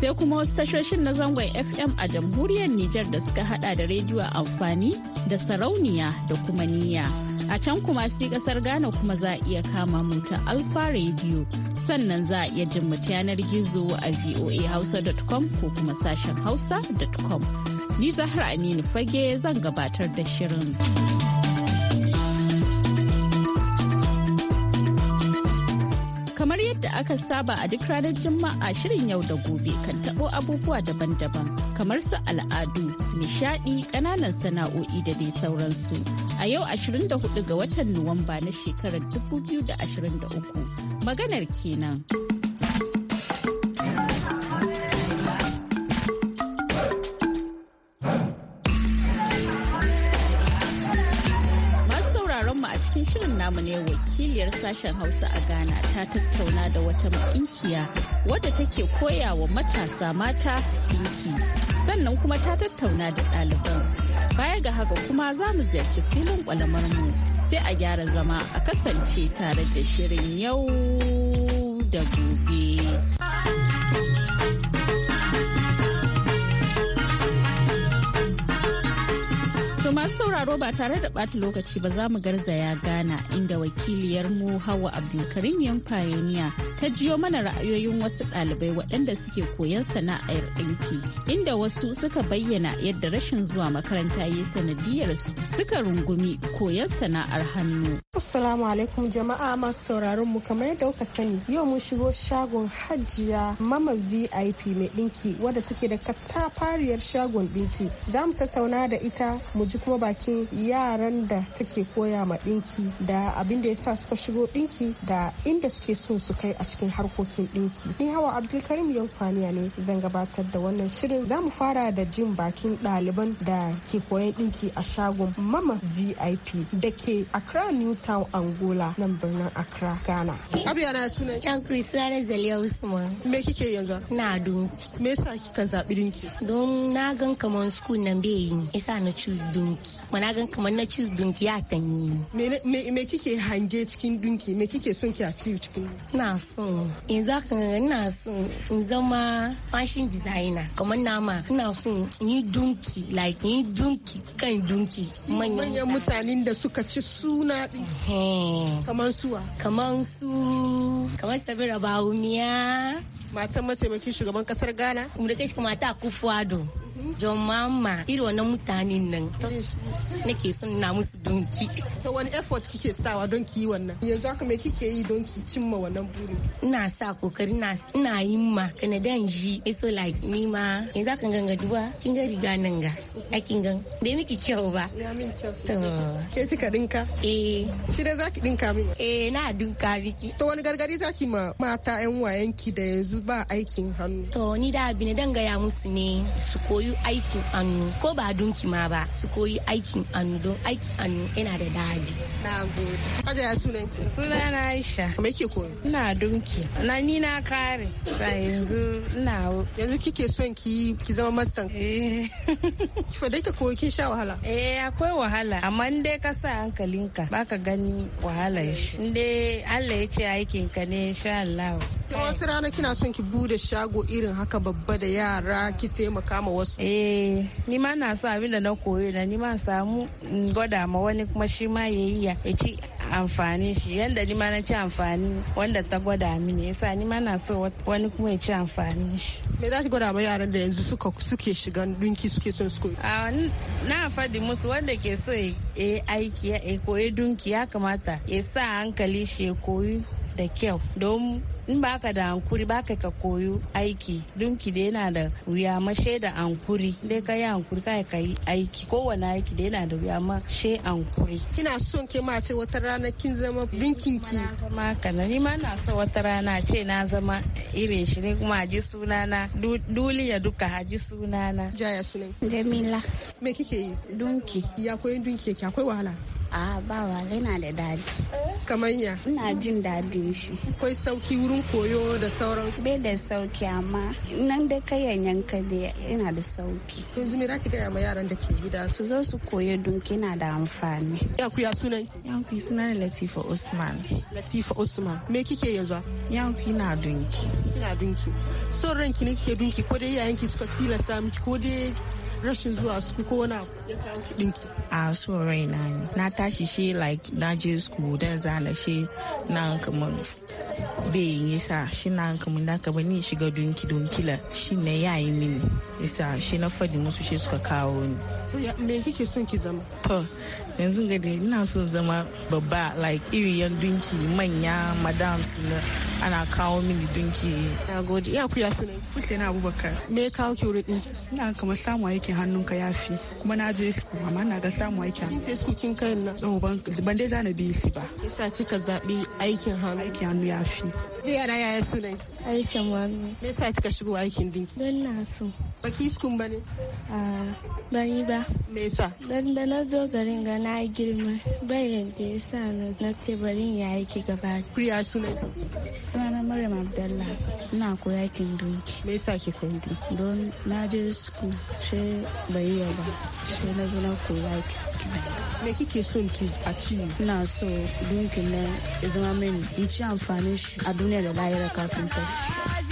sai kuma wasu tashoshin na zangon FM a jamhuriyar Nijar da suka hada da rediyo amfani da sarauniya da kuma niyya. A can kuma sai kasar Ghana kuma za a iya kama mu ta Alfa Radio sannan za a iya jin mu yanar gizo a voahausa.com ko kuma sashen hausa.com. Ni Zahra Aminu Fage zan gabatar da shirin. yadda aka saba a duk ranar Juma'a shirin yau da gobe kan tabo abubuwa daban-daban kamar su al'adu, nishadi, ƙananan sana'o'i da dai sauransu. A yau 24 ga watan Nuwamba na shekarar 2023 maganar kenan. shirin namu ne wakiliyar sashen Hausa a Ghana ta tattauna da wata makinkiya wadda take koya wa matasa mata inki Sannan kuma ta tattauna da ɗaliban. Baya ga haka kuma za mu ziyarci filin mu sai a gyara zama a kasance tare da shirin yau da gobe. To masu sauraro ba tare da ɓata lokaci ba za mu garzaya Ghana inda wakiliyar mu Hawa Abdulkarim yan Fayaniya ta jiyo mana ra'ayoyin wasu ɗalibai waɗanda suke koyan sana'ar ɗinki inda wasu suka bayyana yadda rashin zuwa makaranta ya sanadiyar su suka rungumi koyan sana'ar hannu. Assalamu alaikum jama'a masu sauraron mu kamar yadda kuka sani yau mun shigo shagon Hajiya Mama VIP mai ɗinki wadda take da katafariyar shagon ɗinki. Za mu tattauna da ita mu ji kuma bakin yaran da suke koya ma dinki da abin da ya sa suka shigo dinki da inda suke so su kai a cikin harkokin dinki. Ni hawa Abdulkarim Yankwaniya ne zan gabatar da wannan shirin za mu fara da jin bakin ɗaliban da ke koyan dinki a shagon Mama VIP da ke Accra new Town Angola nan birnin Accra Ghana. Abiya na sunan. Yan Kristina Usman. Me kike yanzu? Na dun Me yasa kika zaɓi dinki. Don na gan kamar school nan bai yi. Isa na choose dunki wana gan kamar na ci dunki ya tanyi me me kike hange cikin dunki me kike son ki achieve cikin na son in za ka ina son in zama fashion designer kamar nama ina son yi dunki like ni dunki kan dunki manyan mutanen da suka ci suna kamar suwa kamar su kamar sabira bawumiya matan mataimakin shugaban kasar ghana mu da kai mata kufuado John Mama irin wannan mutanen nan nake son na musu donki. Da wani effort kike sawa don ki yi wannan? Yanzu haka me kike yi don ki cimma wannan burin? Ina sa kokari ina yin ma kana dan ji so like ni ma yanzu haka ganga duba kin ga riga nan ga aikin gan da miki kyau ba. Ya min kyau. To ke kika dinka? Eh. Shi dai zaki dinka min. Eh na dinka biki. To wani gargadi zaki ma mata yan wayanki da yanzu ba aikin hannu. To ni da abin dan gaya musu ne su koyi koyi aikin annu ko ba dunki ma ba su koyi aikin annu don aikin annu yana da dadi. Na gode. Kaga ya sunan ki? Suna na Aisha. Me kike koyi? Ina dunki. Na ni na kare. Sa yanzu ina Yanzu kike son ki ki zama master. Eh. Ki fadai ta koyi kin sha wahala. Eh akwai wahala amma in dai ka sa hankalinka baka gani wahala shi. In dai Allah ya ce aikin ka ne insha Allah. wata rana kina son ki bude shago irin haka babba da yara ki taimaka ma wasu eh ni ma na so abin da na koyo na ni ma samu in gwada ma wani kuma shi ma yayi ya ci amfani shi yanda ni ma na ci amfani wanda ta gwada mini yasa ni ma na so wani kuma ya ci amfani shi me za ki gwada ma yaran da yanzu suka suke shiga dunki suke son su koyi na fadi musu wanda ke so ya aiki ya koyi dunki ya kamata ya sa hankali shi ya koyi da kyau don in ba ka da hankuri ba ka ka koyo aiki dunki da yana da wuya mashe da hankuri dai ka yi hankuri ka ka yi aiki kowane aiki da yana da wuya mashe hankuri kina son ke ma ce wata rana kin zama binkin ki ma na ni ma na so wata rana ce na zama irin shi ne kuma haji sunana duliya duka haji sunana jaya sunan jamila me kike yi dunki ya koyi dunki yake akwai wahala a ba wa na da daɗi kamanya ina jin daɗin shi akwai sauki wurin koyo da sauran bai da sauki amma nan da kayan yanka da yana da sauki zumi da zaki gaya ma yaran da ke gida su zo su koyo dunki na da amfani Ya ku ya sunan Ya ku sunan latifa usman latifa usman me kike yanzu Ya ku na dunki Ina dunki son ranki ne kike dunki ko dai yayanki suka tilasta miki ko dai rashin zuwa su ko wani ya kawo kiɗinki? a so raina ne na tashi shi like na je school dan zana shi na kamar bai yi sa shi na kamar na kamar ni shiga dunki dunkila shi ne yayi mini isa shi na fadi musu she suka kawo ni me kike son ki zama to yanzu ga da ina son zama babba like iri yan dunki manya madams na ana kawo mini dunki na gode ya kuya su ne kusa na abubakar me ya kawo ki wurin ina kamar samu aikin hannunka ya fi kuma na je su amma na ga samu aikin hannun facebook kin kai na no ban ban dai zana biyu su ba yasa kika zabi aikin hannu aikin hannu ya fi yara yaya su aisha muhammed me yasa kika shigo aikin dinki don na so baki iskun bane a ah, ban yi ba gida. Me yasa? da na zo garin ga na girma bayan da ya sa na ce barin ya aiki gaba. Kuriya suna? Suna Maryam Abdallah ina koya kin dunki. Me yasa ki koyi dunki? Don na je suku she bai yi ba she na zo na koya ki. Me kike son ki a ci? Ina so dunkin nan zama mini in ci amfani shi a duniya da lahira kafin ta.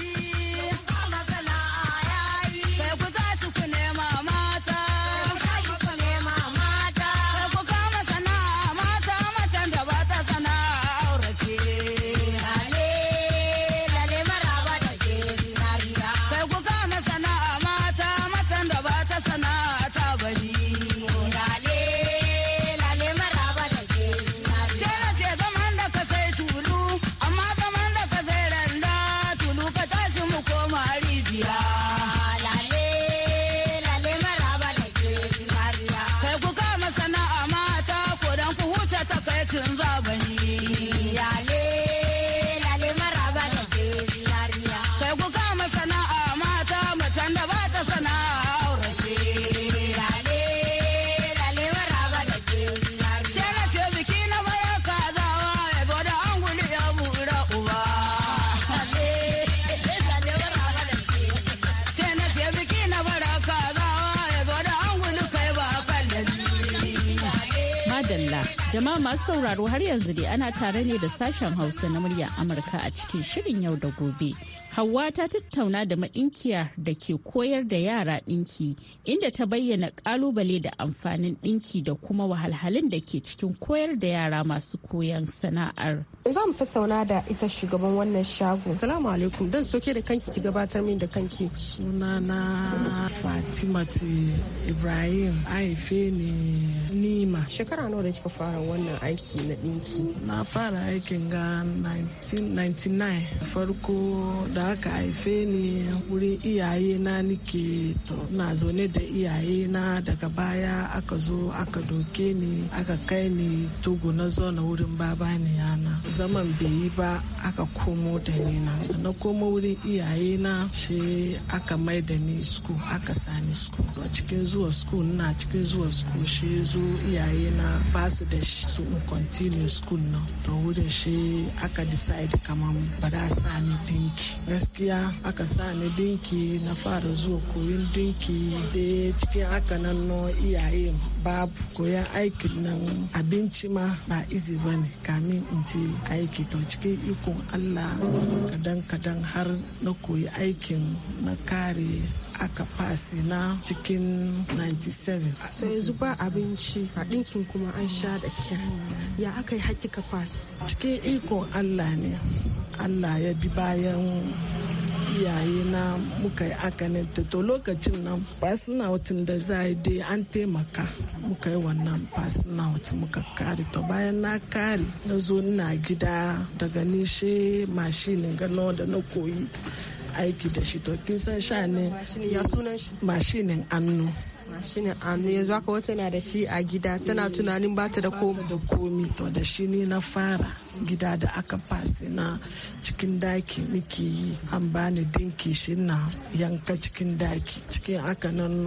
Jama'a masu sauraro har yanzu dai ana tare ne da sashen Hausa na murya Amurka a cikin shirin yau da gobe. Hauwa ta tattauna da maɗinkiya da ke koyar da yara ɗinki inda ta bayyana ƙalubale da amfanin ɗinki da kuma wahalhalun da ke cikin koyar da yara masu koyan sana'ar. Za mu tattauna da ita shugaban wannan shago. Salamu alaikum dan soke da kanki ki gabatar min da kanki. Sunana Fatimati Ibrahim aife ne Nima. Shekara nawa da kika fara wannan aiki na ɗinki? Na fara aikin ga 1999 farko da aka haife ni wurin iyaye na nike to na zaune da iyaye na daga baya aka zo aka doke ni aka kai ni tugu na zona wurin baba ni yana zaman bai yi ba aka komo da ni na na komo wurin iyaye na shi aka mai da ni school aka sani school a cikin zuwa school na cikin zuwa school shi zo iyaye na ba su da su continue school na to wurin shi aka decide kamar ba da sani dinki gaskiya aka sani ni dinki na fara zuwa koyon dinki da cikin haka nan no iyaye babu koyan aikin nan abinci ma ba izi ba ne kamin in ce aiki to cikin ikon allah kadan-kadan har na koyi aikin na kare aka fasi na cikin 97 sai yanzu ba abinci a dinkin kuma an sha da kyan ya aka yi hakika fasi cikin ikon allah ne allah ya bi bayan iyaye na muka yi akanin to lokacin nan fasinaut da za yi dai an taimaka muka yi wannan fasinaut muka kare to bayan na kare na zo na gida daga nishe mashinin gano da na koyi aiki da shi to kin san sha ne mashinin annu mashinin annu yanzu haka wata na da shi a gida tana eh, tunanin bata da komi to da shi ne na fara gida da aka fasi na cikin daki nake yi an bani dinki shi na yanka cikin daki cikin aka nan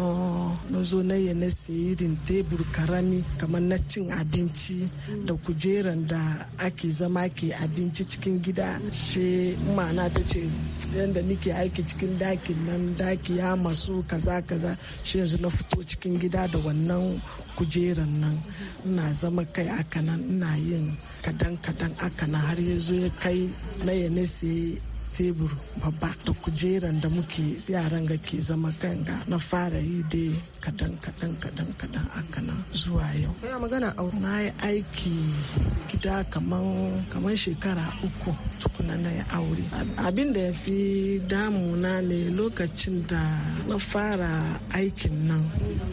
na zo na yi na siyirin tebur karami kamar na cin abinci da kujeran da ake zama ke abinci cikin gida shi mana ta ce yadda nake aiki cikin dakin nan daki ya masu kaza kaza shi yanzu na fito cikin gida da wannan kujeran nan na zama kai aka nan ina yin kadan kadan aka na har ya ya kai na ya nese tebur babba da kujeran da muke yaran ga ke zama ganga na fara yi dai kadan kadan kadan kadan aka na zuwa yau. Ya magana aure. Na yi aiki gida kaman shekara uku tukuna na yi aure. Abin da ya fi damuna ne lokacin da na fara aikin nan.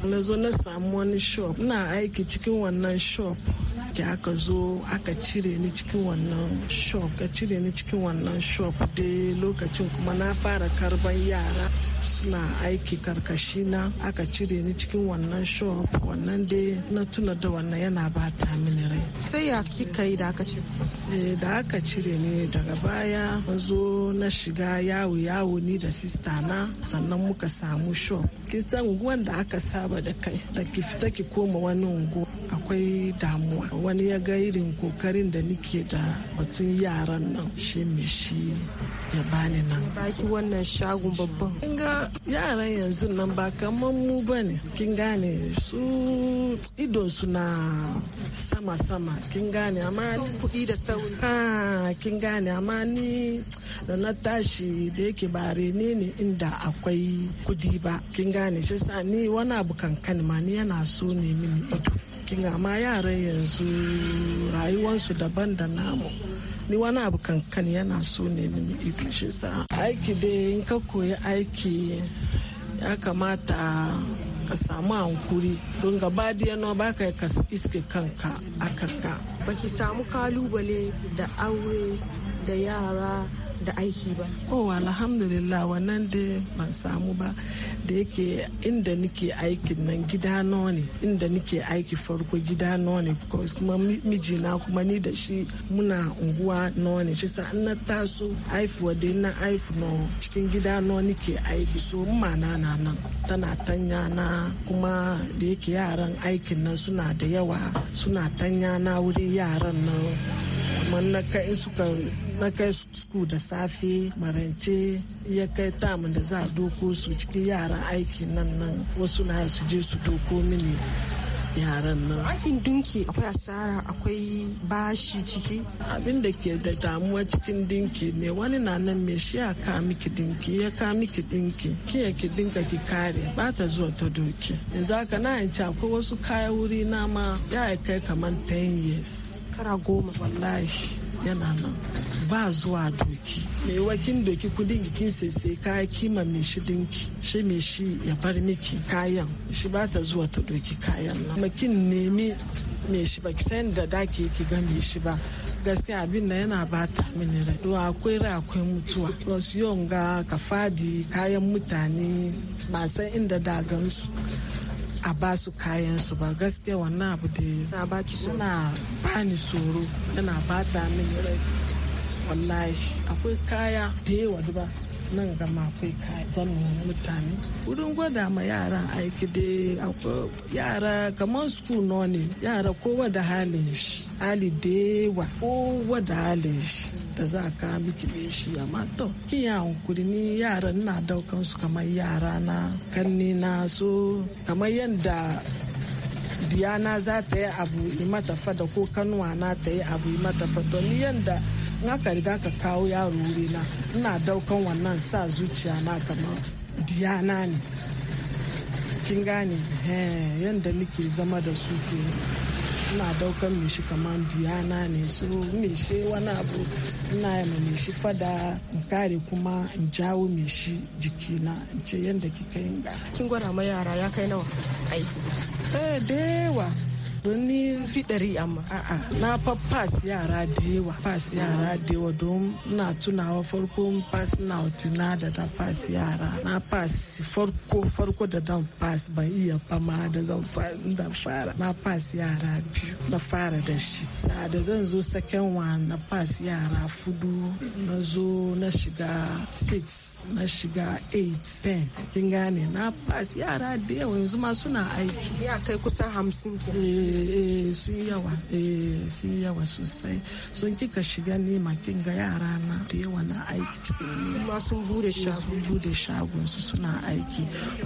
Na zo na samu wani shop. Ina aiki cikin wannan shop aiki aka zo aka cire ni cikin wannan shop ka cire ni cikin wannan shop dai lokacin kuma na fara karban yara suna aiki karkashi na aka cire ni cikin wannan shop wannan dai na tuna da wannan yana bata mini rai sai ya kika yi da aka cire eh, da aka cire ni daga baya zo na shiga yawo yawo ni da sista na sannan muka samu shop kisan unguwan da aka saba da kai da ki fita ki koma wani ungu akwai damuwa wani ya ga irin kokarin da nike da batun yaran nan shi shi ya bani nan baki wannan shagon babban yaran yanzu nan ba kaman mu ba ne kin gane su idon su na sama-sama kin gane amma kuɗi da sauri ha kin gane amma ni da na tashi da yake ba rene ne inda akwai kudi ba kin gane shi sa ni wani abu kankan ma ni yana so ne mini ido kin amma yaran yanzu rayuwansu daban da namu ni wani abu kankan yana so ne ni ido shi sa aiki dai in ka koyi aiki ya kamata ka samu hankuri don gaba da yana ba ka iske kanka a kanka baki samu kalubale da aure da yara da aiki ba oh alhamdulillah wannan da ban samu ba da yake inda nike aikin nan gida ne inda nike aiki farko gida ne kuma mijina kuma ni da shi muna unguwa ne shi sa'an na taso haifuwa da na haifu na cikin gida nawa nike aiki so mana na nan tana tanya na kuma da yake yaran aikin nan suna da yawa suna tanya na wurin yaran nan kamar na kai suka na kai su da safe marance ya kai tamu da za a doko su cikin yaran aiki nan nan wasu na su je su doko mini yaran nan aikin dinki akwai asara akwai bashi ciki abin da ke da damuwa cikin dinki ne wani na nan me shi ya ka miki dinki ya ka miki dinki ki ya ki dinka ki kare ba ta zuwa ta doki yanzu haka na yanci akwai wasu kaya wuri na ma ya kai kamar 10 years shekara goma wallahi yana nan ba zuwa doki mai wakin doki kudin gikin sese kaya kima mai shi dinki shi mai shi ya bar miki kayan shi ba ta zuwa ta doki kayan nan makin nemi mai shi ba ki san da daki ki ga mai shi ba gaskiya abin da yana ba ta mini rai to akwai rai akwai mutuwa wasu yonga ka fadi kayan mutane ba san inda dagansu a ba su kayan su ba gaskiya wannan abu da na baki suna na bani tsoro yana bata min rai wallahi akwai kaya da yawa duba nan ga makwai zamu mutane wurin gwada ma yaran aiki dai yara kamar school no ne yara kowa da halin shi hali dewa kowa da halin shi da za ka miki ne shi amma to kiya hankuri ni yaran na daukan su kamar yara na kanni na so kamar yadda diyana za ta yi abu yi matafa fada ko kanuwa na ta yi abu yi matafa fada ni yadda na ka riga ka kawo yaro wuri na ina daukan wannan sa zuciya na kamar diana ne kin gane eh, yadda nake zama da su ke ina daukan shi kamar diana ne so shi wani abu ina yi ma shi fada in kare kuma in jawo shi jiki na in ce yadda kika yin ga kin gwada ma yara ya kai nawa aiki eh dewa don fiɗari fi ɗari amma a'a na pass yara da yawa pass yara da yawa don na tunawa farko pass na na da na pass yara na pass farko farko da dan pass ban iya fama da zan fara na pass yara biyu na fara da shi sa da zan zo second one na pass yara fudu na zo na shiga six na shiga 8-10 kin gane na pass yara da yawa yanzu ma suna aiki ya kai kusan hamsin eh, eh su yawa eh su yawa sosai sun kika shiga nema kin ga yara na da yawa na aiki cikin sun bude eh, shago bude su suna aiki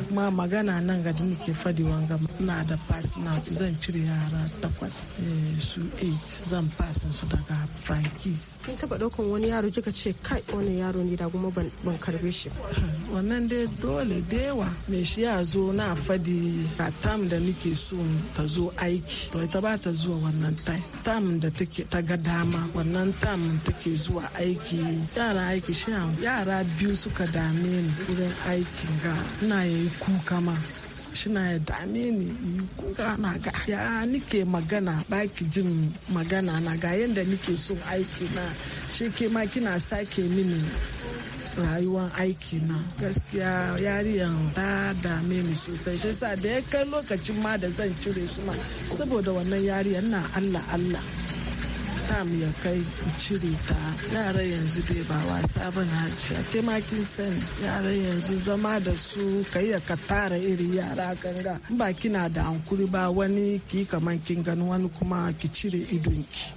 kuma magana nan ga dini ke fadi wanga na da pass na zan cire yara takwas eh, su 8 zan pass su daga frankies kin taba daukan wani yaro kika ce kai wani yaro ne da kuma ban karbi contribution wannan dai dole da yawa mai shi ya zo na fadi a tam da nake so ta zo aiki to ita ba ta zuwa wannan time tam da take ta ga dama wannan tam take zuwa aiki yara aiki shi yara biyu suka dame ni wurin aiki ga ina yayi kuka ma na ya dame ni kuka na ga ya nike magana baki jin magana na ga yadda nike so aiki na shi ke ma kina sake mini rayuwar aiki na gaskiya yariyan ta dame ni sosai shi sa da ya kai lokacin ma da zan cire su ma saboda wannan yariyan na allah allah Sam ya kai cire ta yara yanzu dai ba wasa ba na hajiya ke ma sani yara yanzu zama da su ka iya ka tara iri yara ganga in ba kina da hankuri ba wani ki kaman kin gani wani kuma ki cire ki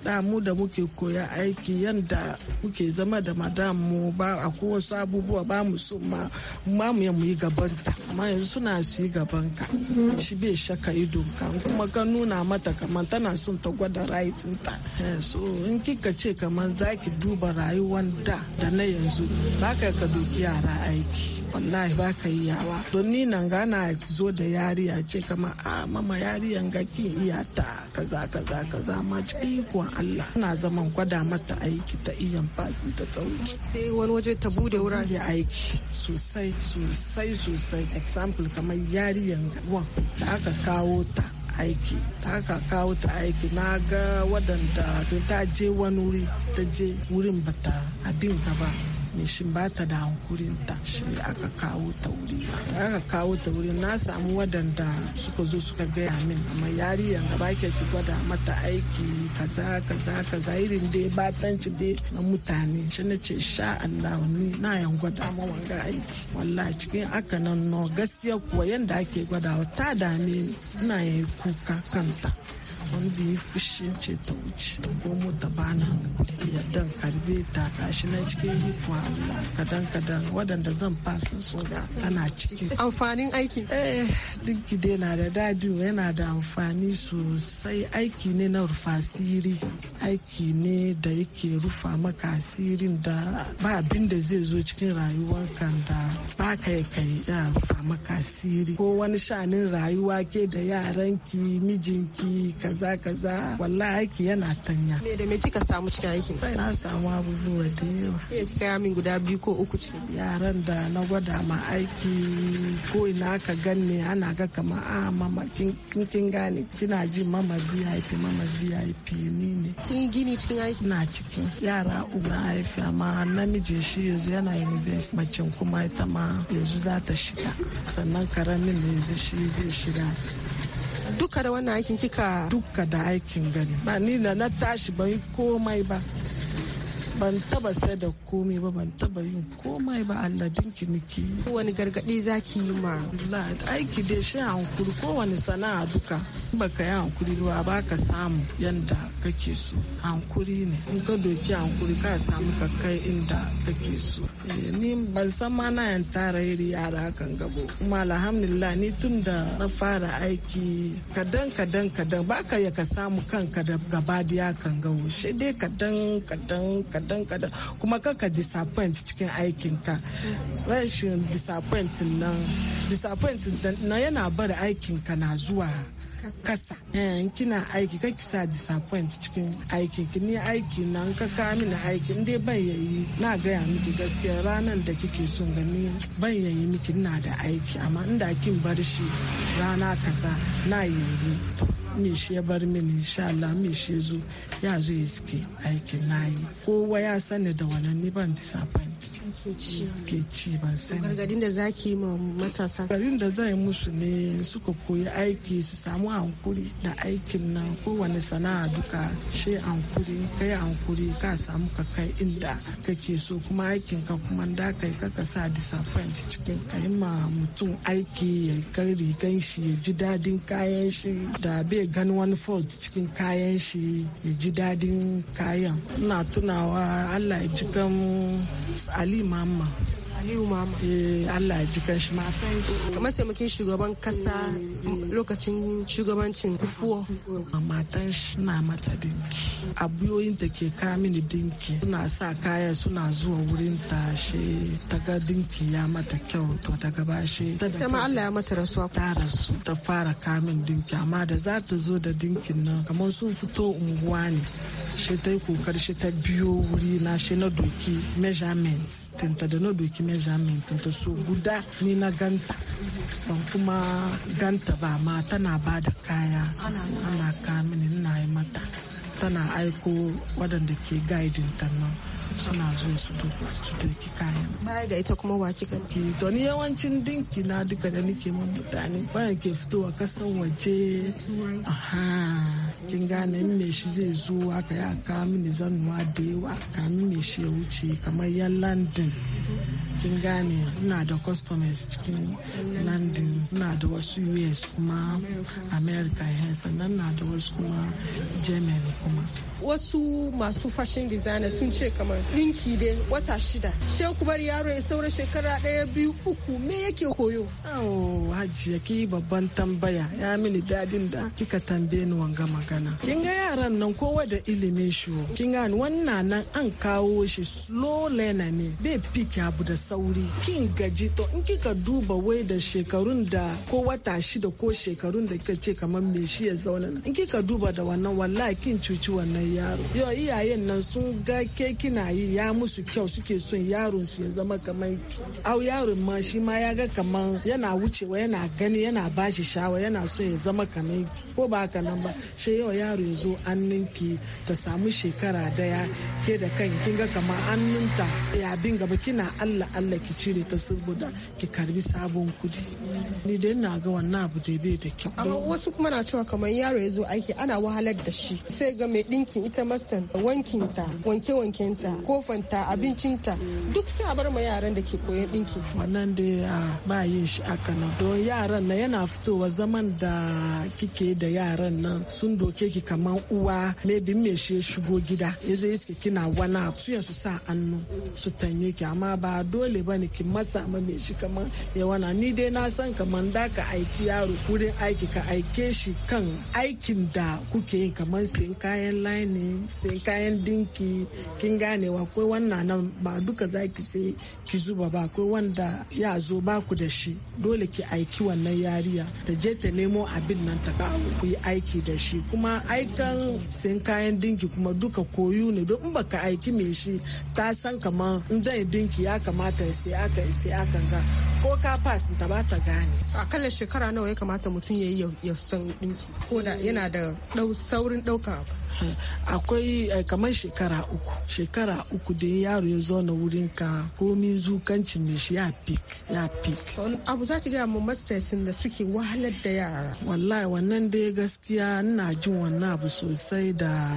da mu da muke koya aiki yanda muke zama da madam mu ba a wasu abubuwa ba mu so ma ma mu yi gaban ta amma yanzu suna su yi gaban ka shi bai shaka idon ka kuma ka nuna mata kamar tana son ta gwada ra'ayin ta eh, so in kika ce kamar za ki duba rayuwar da da na yanzu ba ka ka doki yara aiki wallahi ba ka yi yawa don ni nan gana zo da yariya ce kama a ah, mama yariyan ga kin iya ta kaza kaza kaza ma ci ayyukan Allah na zaman gwada mata aiki ta iya fasin ta tsauci sai wani waje ta bude wurare aiki sosai sosai sosai example kamar yariya wa da aka kawo ta aiki haka kawo ta aiki na ga waɗanda ta je wani wuri ta je wurin bata abin gaba ne shi ba ta da hankurin ta shi aka kawo ta wuri aka kawo ta wuri na samu wadanda suka zo suka gaya min amma yanga ba ke ki gwada mata aiki kaza kaza kaza irin dai batanci dai na mutane shi na ce sha Allah ni na yan gwada ma wanga aiki wallahi cikin aka nan no gaskiya kuwa yanda ake gwadawa ta dame ni ina yi kuka kanta wanda ya fushi ce ta wuce ko ta bana ya dan karbe ta kashi na cikin hikuwa Allah kadan kadan waɗanda zan fasin soga ana cikin amfanin aiki eh duk gide na da dadi yana da amfani sosai aiki ne na rufa siri aiki ne da yake rufa maka asirin da ba abin da zai zo cikin kan da ba ka kai kai ya rufa maka siri ko wani shanin rayuwa ke da yaranki mijinki ka kaza kaza wallahi aiki yana tanya me da me kika samu cikin aikin sai na samu abubuwa da yawa iya kika ya min guda biyu ko uku cikin. yaran da na gwada ma aiki ko ina ka ganni ana ga kama a ah, mama kin kin gane kina ji mama VIP mama VIP ni ne kin gini cikin aiki na cikin yara uku na haifi amma namiji shi yanzu yana university macin kuma ita ma yanzu za ta shiga sannan karamin yanzu shi zai shiga duka da wannan aikin kika duka da aikin gani ba ni da na tashi ban yi komai ba ban taba sai da komai ba ban taba yin komai ba alladin kiniki wani gargadi zaki yi ma aiki da shi hankuri kowane sana'a duka baka yi hankuri ba ba ka samu yanda kake so hankuri ne in ka doki hankuri ka samu ka kai inda kake so ni ban san ma na yan tara iri yara hakan gabo kuma alhamdulillah ni tun da na fara aiki kadan kadan kadan ba ka ya ka samu kanka da gaba da kan gabo shi dai kadan kadan kadan kadan kuma kaka disappoint cikin aikin ka rashin disappoint nan disappoint na yana bar aikin ka na zuwa kasa eh, kina aiki ka kisa disappoint cikin aiki ki ni aiki na ka ka mini aiki in bai ya yayi na gaya miki gaskiya ranan da kike son gani ban yayi miki ina da aiki amma inda kin bar shi rana kasa na yayi me shi ya bar mini insha Allah me shi zo ya zo ya suke aikin nayi kowa ya sani da wannan ni ban disappoint ke ci ba sani gargadin da za ki yi ma matasa gargadin da zai musu ne suka koyi aiki su samu hankuri da aikin nan kowane sana'a duka shi hankuri kai hankuri ka samu ka kai inda kake so kuma aikin ka kuma da kai kaka sa disappoint cikin ka yi ma mutum aiki ya kai rigan shi ya ji dadin kayan shi da bai gani wani fault cikin kayan shi ya ji dadin kayan ina tunawa Allah ya kan Ali Mamman. Aliyu Mama. Eh Allah ya ji kanshi. Mataimakin shugaban kasa lokacin shugabancin kufuwa. Matan shi na mata dinki. Abuyoyin ta ke kawo mini dinki. Suna sa kaya suna zuwa wurin ta she ta ga dinki ya mata kyau to ta gaba she. Ta ma Allah ya mata rasuwa. Ta rasu ta fara kamin dinki amma da za ta zo da dinkin nan kamar sun fito unguwa ne. She ta yi kokar she ta biyo wuri na she na doki measurement. Tinta da na doki measurement ta so guda ni na ganta ban kuma ganta ba ma tana ba da kaya ana mini na yi mata tana aiko waɗanda ke guiding ta nan suna zuwa su doki kayan. Baya ga ita kuma wa kika ke eh, to ni yawancin dinki na duka da nake mun mutane bana ke fitowa kasan waje. Aha. kin gane in me shi zai zo haka ya ka mini zanuwa da yawa min me shi ya wuce kamar yan landin kin gane ina da customers cikin landin ina da wasu us kuma america sannan na da wasu kuma germany kuma wasu masu fashin designer sun ce kamar rinki dai wata shida she ku bari yaro ya saura shekara ɗaya biyu uku me yake koyo awo hajiya ki babban tambaya ya mini dadin da kika tambaye ni wanga magana kin ga yaran nan kowa da ilimin shi kin ga wannan nan an kawo shi slow learner ne bai fike abu da sauri kin gaji to in kika duba wai da shekarun da ko wata shida ko shekarun da kika ce kamar me shi ya zauna in kika duba da wannan wallahi kin cuci wannan yaro yau iyayen nan sun ga ke kina yi ya musu kyau suke son yaron su ya zama kamar au yaron ma shi ma ya ga kamar yana wucewa yana gani yana bashi shawa yana son ya zama kamar ko ba haka nan ba shi yau yaro ya zo ninki ta samu shekara daya ke da kan kin ga kamar ninta. ya bin gaba kina Allah Allah ki cire ta saboda ki karbi sabon kudi ni dai na ga wannan abu da bai da kyau amma wasu kuma na cewa kamar yaro ya zo aiki ana wahalar da shi sai ga mai dinki ita masan wankinta wanke-wankenta kofanta abincinta duk sai a bar ma yaran da ke koyan dinki wannan ya ba yin shi aka nan don yaran na yana fitowa zaman da kike da yaran nan sun doke ki kaman uwa bin me shi shigo gida ya zo iske kina wana suya su sa hannu su tanye ki amma ba dole ba ki masa ma me shi kaman ya wana ni dai na san kaman da ka aiki yaro wurin aiki ka aike shi kan aikin da kuke yin kaman sayan kayan layin kaya ne sai kayan dinki kin ganewa akwai wannan nan ba duka zaki ki sai ki zuba ba akwai wanda ya zo ba ku da shi dole ki aiki wannan yariya ta je ta nemo abin nan ta kawo ku yi aiki da shi kuma aikan sayan kayan dinki kuma duka koyu ne don ba baka aiki me shi ta san kamar in zai dinki ya kamata sai aka sai aka ga ko ka pass ta ba ta gane akalla shekara nawa ya kamata mutum ya yi ya san dinki ko da yana da saurin dauka akwai eh, kamar shekara uku shekara uku da yaro ya zo na wurin ka komin zukancin mai shi ya pik ya pik abu za ki ga mu da suke wahalar da yara wallahi wannan dai gaskiya na jin wannan abu sosai da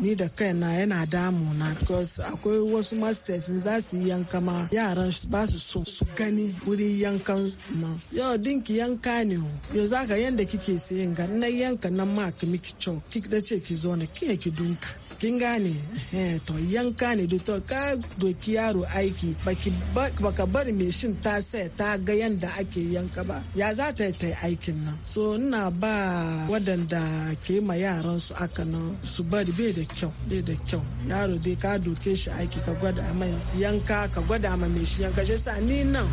ni da kaina yana damu na because akwai wasu masters za su yi yanka ma yaran ba su so su gani wurin yankan ma yau dinki yanka ne yau zaka yanda kike sayin ga na yanka nan ma ki miki kik da ce ki zo na ki ki ki dunka kin gane eh, to yanka ne da to ka doki yaro aiki baka bar mishin ta sai ta ga yanda ake yanka ba ya za ta yi ta aikin nan so ina ba wadanda ke ma yaran su aka nan su bari bai da kyau bai da kyau yaro dai ka doke shi aiki ka gwada mai yanka ka gwada mai shi yanka shi sa ni nan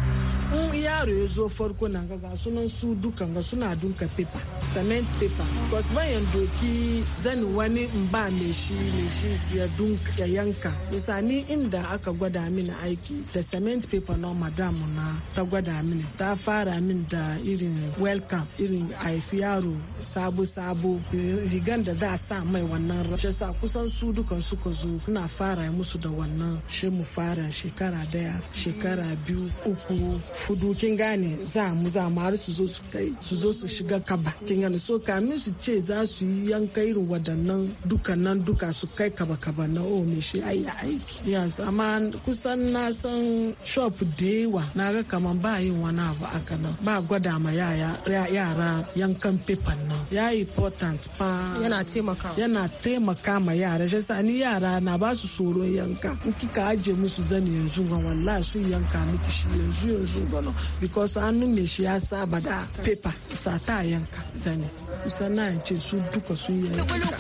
in yaro ya zo farko nan ga ga sunan su dukan ga suna dunka paper cement paper because bayan doki zan wani in ba me shi me shi ya dunka ya yanka misali inda aka gwada mini aiki da cement paper na madam na ta gwada mini ta fara min da irin welcome irin haifi yaro sabo sabo rigan da za a sa mai wannan rashin sa kusan su dukan suka zo na fara musu da wannan shi mu fara shekara daya shekara biyu uku kudu gane za mu za mu har su zo su kai su zo su shiga kaba kin gane so kamin su ce za su yi yanka irin waɗannan dukannan duka su kai kaba kaba na o oh, me shi ai aiki ya amma kusan na san shop da yawa na ga kaman ba yin wani abu aka nan ba gwada ma yara yankan paper nan ya important pa yana taimaka yana taimaka ma yara shi sa ni yara na ba su tsoron yanka in kika aje musu zani yanzu ga wallahi sun yanka miki shi yanzu yanzu gwano because hannun mai shi ya saba da paper sata yanka zane sannan ce su duka sun yanka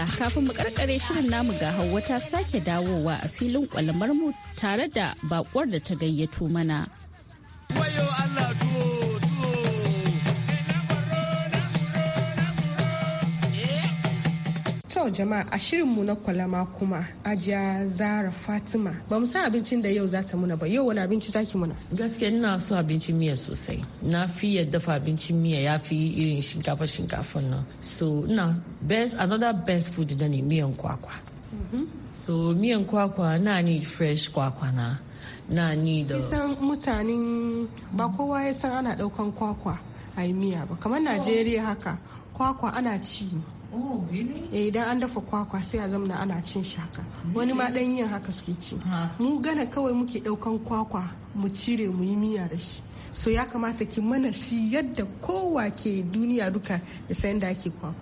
Allah kafin mu karkare shirin namu ga hauwa ta sake dawowa a filin kwalamar mu tare da bakwar da ta gayyato mana. Allah To jama'a a shirinmu na kwalama kuma ajiya zara Fatima ba mu san abincin da yau za ta muna ba yau wani abinci zaki muna. Gaskiya ina so abincin miya sosai. Na fi yadda dafa abincin miya ya fi irin shinkafa shinkafa nan. So ina best another best food da ne miyan kwakwa. Mm-hmm. So miyan kwakwa na ni fresh kwakwa na. Na ni need. san mutanen ba kowa ya san ana daukan kwakwa a miya ba kamar oh. Najeriya haka kwakwa ana ci. Oh, eh, idan an dafa kwakwa sai a zamna ana cin shaka wani ma dan yin haka suke ci mu gana kawai muke daukan kwakwa mu cire mu yi miya da shi so ya kamata ki mana shi yadda kowa ke duniya duka da san da ake kwakwa.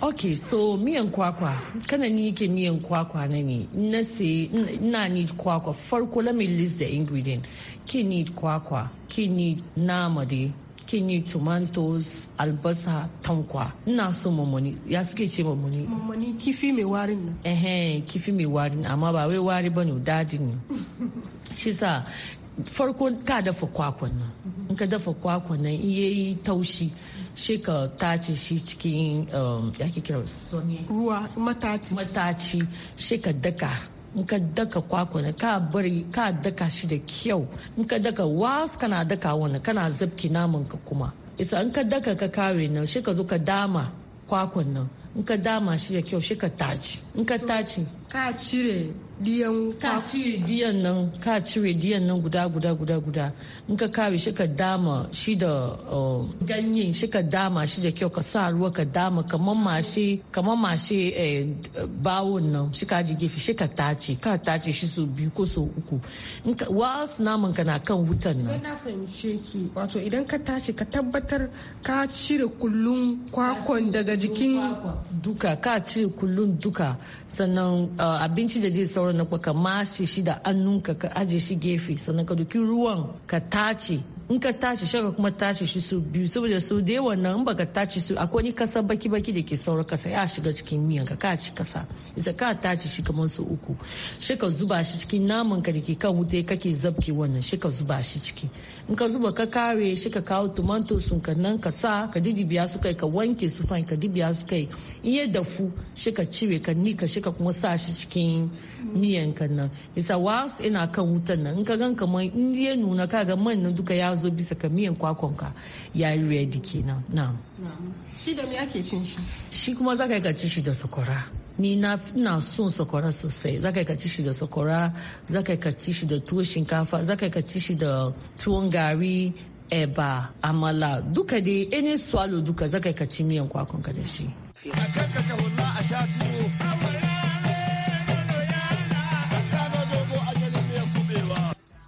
ok so miyan kwakwa kana ni yake miyan kwakwa na ne na sai na need kwakwa farko let me list the ingredient ki need kwakwa ki need nama dai kinyi tomatoes albasa tankwa ina so mamoni ya suke ce mamoni mamoni kifi mai warin nan eh kifi mai warin amma ba wai wari bane dadi ne shi sa farko ka dafa kwakwan nan mhm. in ka dafa kwakwan nan iya yi taushi shi ka tace shi cikin um, ya ke kira ruwa mataci mataci shi ka daka in ka daka ne ka bari ka daka shi da kyau in ka daka was kana daka wani kana zabki naman ka kuma isa in ka daka ka kare nan shi ka zo ka dama kwakwan nan in ka dama shi da kyau shi ka taci in ka taci ka cire diyan ka cire diyan nan ka cire diyan nan guda guda guda guda in ka kawo shi ka dama shi da um, ganyen shi ka dama shi da kyau ka sa ruwa ka dama kamar mashe kamar mashe eh, bawon nan shi ka ji gefe shi ka tace ka tace shi so biyu ko so uku wasu naman ka na kan wutan nan na fahimce ki wato idan ka tace ka tabbatar ka cire kullun kwakwan daga jikin duka ka cire kullun duka sannan ah, abinci da zai sauran sauran na ka mashi shi da annunka ka aje shi gefe sannan ka duki ruwan ka tace in ka tashi shaka kuma tashi shi su biyu saboda su da yawan nan in baka tashi su akwai wani kasa baki baki da ke sauran kasa ya shiga cikin miyan ka ka ci kasa isa ka tashi shi kamar su uku shi ka zuba shi cikin naman ka da ke kan wuta kake zabke wannan shi ka zuba shi ciki in ka zuba ka kare shi ka kawo tumanto sun ka nan ka sa ka dibiya su kai ka wanke su fain ka dibiya su kai in ya dafu shi ka cire ka ka shi ka kuma sa shi cikin miyan ka nan isa wasu ina kan wutan nan in ka gan mai in ya nuna ka ga man nan duka ya zo bisa ka miyan kwakwan ka ya yi ready kenan na shi da me ake cin shi shi kuma za ka yi ka ci shi da sakwara ni na ina son sakwara sosai zaka ka ci shi da sakwara zaka ka ci shi da tuwo shinkafa zaka ka ci shi da tuwon gari eba amala duka dai any swallow duka zaka ka ci miyan kwakwanka da shi. A a sha tuwo.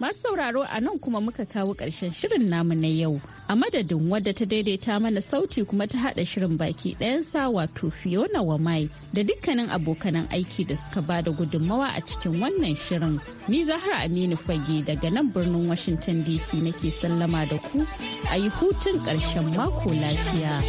Masu sauraro a nan kuma muka kawo ƙarshen shirin namu na yau. A madadin wadda ta daidaita mana sauti kuma ta haɗa shirin baki ɗayansa wato Fiona mai da dukkanin abokanan aiki da suka ba da gudunmawa a cikin wannan shirin. Ni Zahra Aminu Fage daga nan birnin Washington DC nake sallama da ku a yi hutun ƙarshen mako lafiya.